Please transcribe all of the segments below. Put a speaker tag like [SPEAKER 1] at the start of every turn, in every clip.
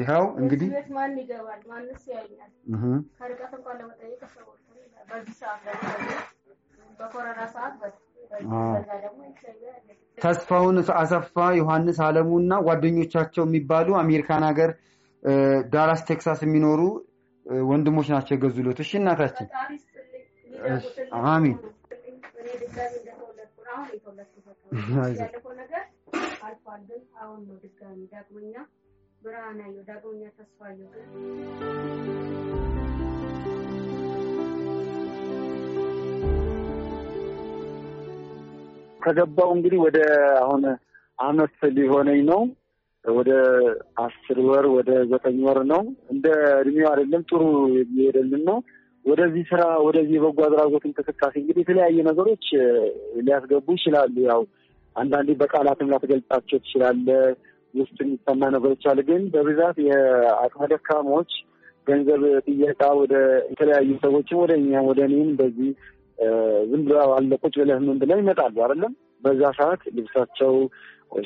[SPEAKER 1] ይኸው እንግዲህ
[SPEAKER 2] ማን ይገባል? ማንስ ከርቀት እንኳን ለመጠየቅ በዚህ
[SPEAKER 1] ሰዓት በኮረና ሰዓት ተስፋውን አሰፋ፣ ዮሐንስ አለሙ እና ጓደኞቻቸው የሚባሉ አሜሪካን ሀገር ዳላስ ቴክሳስ የሚኖሩ ወንድሞች ናቸው የገዙሎት። እሺ እናታችን አሚን። ያለፈው ነገር አልፏል፣ ግን አሁን ነው ድጋሚ ዳግመኛ ብርሃናየሁ ዳግመኛ ተስፋየሁ ግን ከገባው እንግዲህ ወደ አሁን አመት ሊሆነኝ ነው። ወደ አስር ወር ወደ ዘጠኝ ወር ነው። እንደ እድሜው አይደለም፣ ጥሩ እየሄደልን ነው። ወደዚህ ስራ ወደዚህ የበጎ አድራጎት እንቅስቃሴ እንግዲህ የተለያዩ ነገሮች ሊያስገቡ ይችላሉ። ያው አንዳንዴ በቃላትም ላትገልጻቸው ትችላለህ። ውስጥ የሚሰማ ነገሮች ይቻል ግን በብዛት የአቅመ ደካሞች ገንዘብ ጥየቃ ወደ የተለያዩ ሰዎችም ወደ እኛም ወደ እኔም በዚህ ዝም ብላ አለቆች ብለህ ምን ብለው ይመጣሉ አይደለም። በዛ ሰዓት ልብሳቸው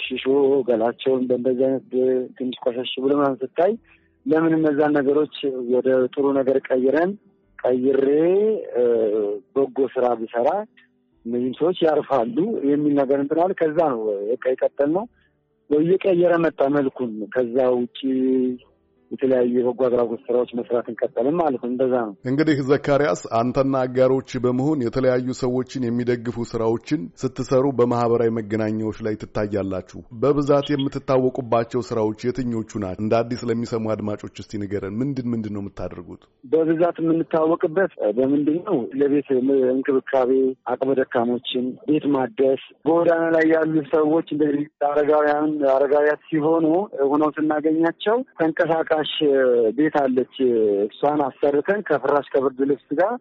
[SPEAKER 1] ሽሾ ገላቸውን በእንደዚህ አይነት ትንሽ ቆሸሽ ብሎ ምናምን ስታይ ለምን እነዛን ነገሮች ወደ ጥሩ ነገር ቀይረን ቀይሬ በጎ ስራ ቢሰራ እነዚህም ሰዎች ያርፋሉ የሚል ነገር እንትናል። ከዛ ነው በቃ ቀጠል ነው። እየቀየረ መጣ መልኩን። ከዛ ውጭ የተለያዩ የበጎ አድራጎት ስራዎች መስራት እንቀጠልን ማለት ነው። እንደዛ ነው
[SPEAKER 2] እንግዲህ። ዘካሪያስ አንተና አጋሮች በመሆን የተለያዩ ሰዎችን የሚደግፉ ስራዎችን ስትሰሩ በማህበራዊ መገናኛዎች ላይ ትታያላችሁ። በብዛት የምትታወቁባቸው ስራዎች የትኞቹ ናቸው? እንደ አዲስ ለሚሰሙ አድማጮች እስቲ ንገረን። ምንድን ምንድን ነው የምታደርጉት?
[SPEAKER 1] በብዛት የምንታወቅበት በምንድን ነው? ለቤት እንክብካቤ፣ አቅመ ደካሞችን ቤት ማደስ፣ ጎዳና ላይ ያሉ ሰዎች እንደዚህ አረጋውያን አረጋውያት ሲሆኑ ሆነው ስናገኛቸው ተንቀሳቀ ፍራሽ ቤት አለች። እሷን አሰርተን ከፍራሽ ከብርድ ልብስ ጋር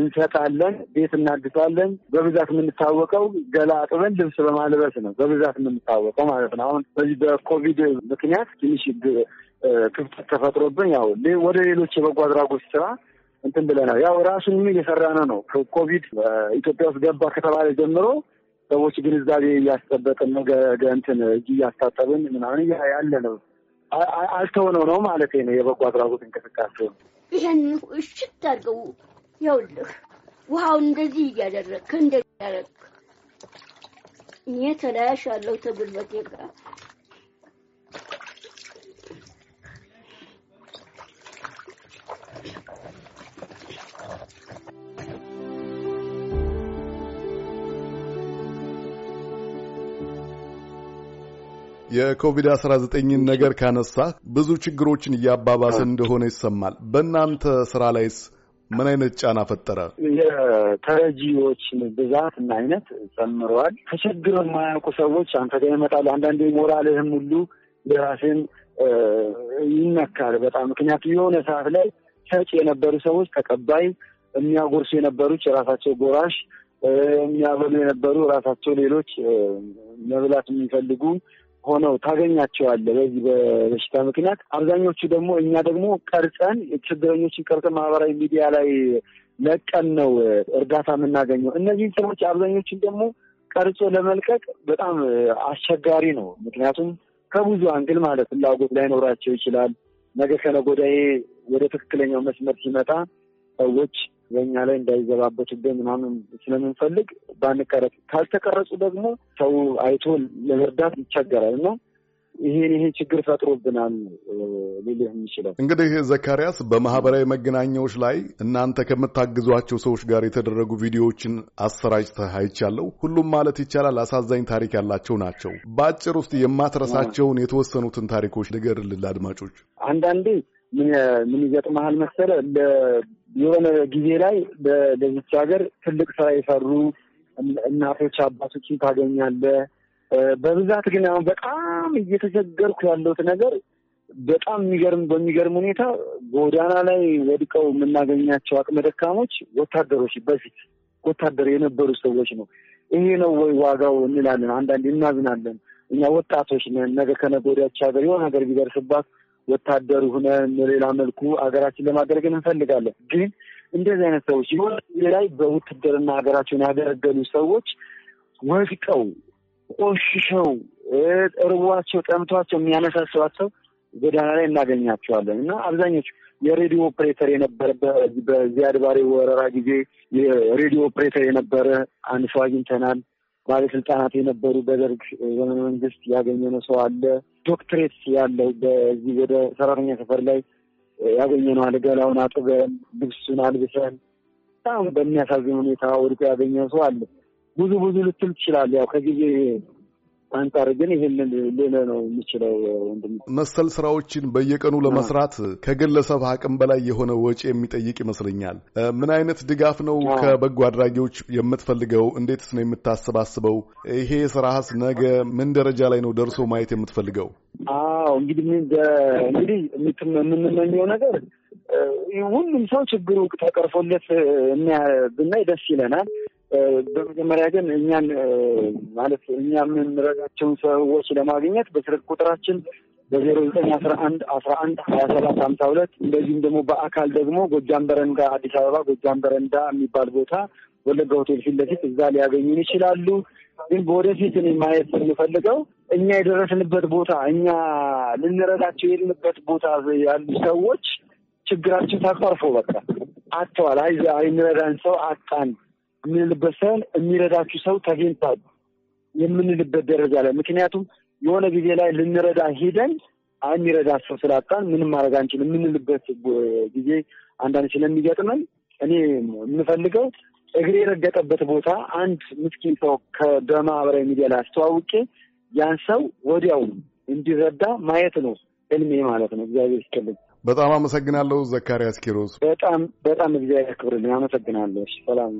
[SPEAKER 1] እንሰጣለን። ቤት እናድሳለን። በብዛት የምንታወቀው ገላ አጥበን ልብስ በማልበስ ነው። በብዛት የምንታወቀው ማለት ነው። አሁን በዚህ በኮቪድ ምክንያት ትንሽ ክፍተት ተፈጥሮብን ያው ወደ ሌሎች የበጎ አድራጎት ስራ እንትን ብለናል። ያው ራሱን እየሰራ ነው ነው ኮቪድ ኢትዮጵያ ውስጥ ገባ ከተባለ ጀምሮ ሰዎች ግንዛቤ እያስጠበቅን ነው። እንትን እጅ እያስታጠብን ምናምን ያለ ነው። አልተሆነው ነው ማለት ነው። የበጎ አድራጎት እንቅስቃሴ
[SPEAKER 2] ይህን እሽት አድርገው ያውልህ
[SPEAKER 1] ውሃውን እንደዚህ እያደረግህ እንደዚህ ያደረግ እኔ ተለያሽ ተብል በቴቃ
[SPEAKER 2] የኮቪድ-19ን ነገር ካነሳ ብዙ ችግሮችን እያባባሰ እንደሆነ ይሰማል። በእናንተ ስራ ላይስ ምን አይነት ጫና ፈጠረ?
[SPEAKER 1] የተረጂዎችን ብዛት እና አይነት ጨምረዋል። ተቸግረ የማያውቁ ሰዎች አንተ ጋር ይመጣሉ። አንዳንዴ ሞራልህም ሁሉ የራስህን ይነካል በጣም ምክንያቱ የሆነ ሰዓት ላይ ሰጪ የነበሩ ሰዎች ተቀባይ፣ የሚያጎርሱ የነበሩች የራሳቸው ጎራሽ፣ የሚያበሉ የነበሩ ራሳቸው ሌሎች መብላት የሚፈልጉ ሆነው ታገኛቸዋለህ በዚህ በበሽታ ምክንያት። አብዛኞቹ ደግሞ እኛ ደግሞ ቀርጸን ችግረኞችን ቀርጸን ማህበራዊ ሚዲያ ላይ ለቀን ነው እርዳታ የምናገኘው። እነዚህን ሰዎች አብዛኞችን ደግሞ ቀርጾ ለመልቀቅ በጣም አስቸጋሪ ነው። ምክንያቱም ከብዙ አንግል ማለት ፍላጎት ላይኖራቸው ይችላል። ነገ ከነገ ወዲያ ወደ ትክክለኛው መስመር ሲመጣ ሰዎች በእኛ ላይ እንዳይዘባበቱብን ምናምን ስለምንፈልግ ባንቀረጽ፣ ካልተቀረጹ ደግሞ ሰው አይቶ ለመርዳት ይቸገራል ነው ይህን ይህን ችግር ፈጥሮብናል ሊልህ
[SPEAKER 2] የሚችለው እንግዲህ ዘካርያስ፣ በማህበራዊ መገናኛዎች ላይ እናንተ ከምታግዟቸው ሰዎች ጋር የተደረጉ ቪዲዮዎችን አሰራጭተህ አይቻለሁ። ሁሉም ማለት ይቻላል አሳዛኝ ታሪክ ያላቸው ናቸው። በአጭር ውስጥ የማትረሳቸውን የተወሰኑትን ታሪኮች ንገርልን ለአድማጮች።
[SPEAKER 1] አንዳንዴ ምን ይገጥመሃል መሰለ የሆነ ጊዜ ላይ በዚች ሀገር ትልቅ ስራ የሰሩ እናቶች አባቶችን ታገኛለህ። በብዛት ግን አሁን በጣም እየተቸገርኩ ያለሁት ነገር በጣም የሚገርም በሚገርም ሁኔታ ጎዳና ላይ ወድቀው የምናገኛቸው አቅመ ደካሞች ወታደሮች በፊት ወታደር የነበሩ ሰዎች ነው። ይሄ ነው ወይ ዋጋው እንላለን። አንዳንድ እናዝናለን። እኛ ወጣቶች ነን። ነገ ከነገ ወዲያች ሀገር የሆነ ሀገር ቢደርስባት ወታደር ሆነ ሌላ መልኩ ሀገራችን ለማድረግ እንፈልጋለን። ግን እንደዚህ አይነት ሰዎች የሆነ ላይ በውትድርና ሀገራቸውን ያገለገሉ ሰዎች ወድቀው ቆሽሸው እርቧቸው ጠምቷቸው የሚያነሳሰዋቸው ጎዳና ላይ እናገኛቸዋለን እና አብዛኞቹ የሬዲዮ ኦፕሬተር የነበረ በዚያድ ባሬ ወረራ ጊዜ የሬዲዮ ኦፕሬተር የነበረ አንድ ሰው አግኝተናል። ባለስልጣናት የነበሩ በደርግ ዘመነ መንግስት ያገኘነው ሰው አለ። ዶክትሬት ያለው በዚህ ወደ ሰራተኛ ሰፈር ላይ ያገኘነው አለ። ገላውን አጥበን ልብሱን አልብሰን በጣም በሚያሳዝን ሁኔታ ወድቆ ያገኘነው ሰው አለ። ብዙ ብዙ ልትል ትችላለህ። ያው ከጊዜ
[SPEAKER 2] አንጻር ግን ይህንን ሌለ ነው የምችለው። ወንድም መሰል ስራዎችን በየቀኑ ለመስራት ከግለሰብ አቅም በላይ የሆነ ወጪ የሚጠይቅ ይመስለኛል። ምን አይነት ድጋፍ ነው ከበጎ አድራጊዎች የምትፈልገው? እንዴትስ ነው የምታሰባስበው? ይሄ ስራስ ነገ ምን ደረጃ ላይ ነው ደርሶ ማየት የምትፈልገው?
[SPEAKER 1] አዎ እንግዲህ እንግዲህ የምንመኘው ነገር ሁሉም ሰው ችግሩ ተቀርፎለት ብናይ ደስ ይለናል። በመጀመሪያ ግን እኛን ማለት እኛ የምንረዳቸውን ሰዎች ለማግኘት በስልክ ቁጥራችን በዜሮ ዘጠኝ አስራ አንድ አስራ አንድ ሀያ ሰባት ሀምሳ ሁለት እንደዚሁም ደግሞ በአካል ደግሞ ጎጃም በረንዳ አዲስ አበባ ጎጃም በረንዳ የሚባል ቦታ ወለጋ ሆቴል ፊት ለፊት እዛ ሊያገኙን ይችላሉ። ግን በወደፊት እኔ ማየት የምፈልገው እኛ የደረስንበት ቦታ እኛ ልንረዳቸው የሄድንበት ቦታ ያሉ ሰዎች ችግራችን ተቀርፎ በቃ አጥተዋል። አይ የሚረዳን ሰው አጣን የምንልበት ሳይሆን የሚረዳችሁ ሰው ተገኝቷል የምንልበት ደረጃ ላይ ምክንያቱም የሆነ ጊዜ ላይ ልንረዳ ሄደን የሚረዳ ሰው ስላጣን ምንም ማድረግ አንችል የምንልበት ጊዜ አንዳንድ ስለሚገጥመን እኔ የምፈልገው እግሬ የረገጠበት ቦታ አንድ ምስኪን ሰው በማህበራዊ ሚዲያ ላይ አስተዋውቄ ያን ሰው ወዲያው እንዲረዳ ማየት ነው እልሜ ማለት ነው። እግዚአብሔር ይስጥልኝ።
[SPEAKER 2] በጣም አመሰግናለሁ። ዘካርያስ ኪሮስ።
[SPEAKER 1] በጣም በጣም እግዚአብሔር ክብርልኝ። አመሰግናለሁ። ሰላም